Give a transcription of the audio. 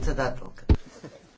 председателка.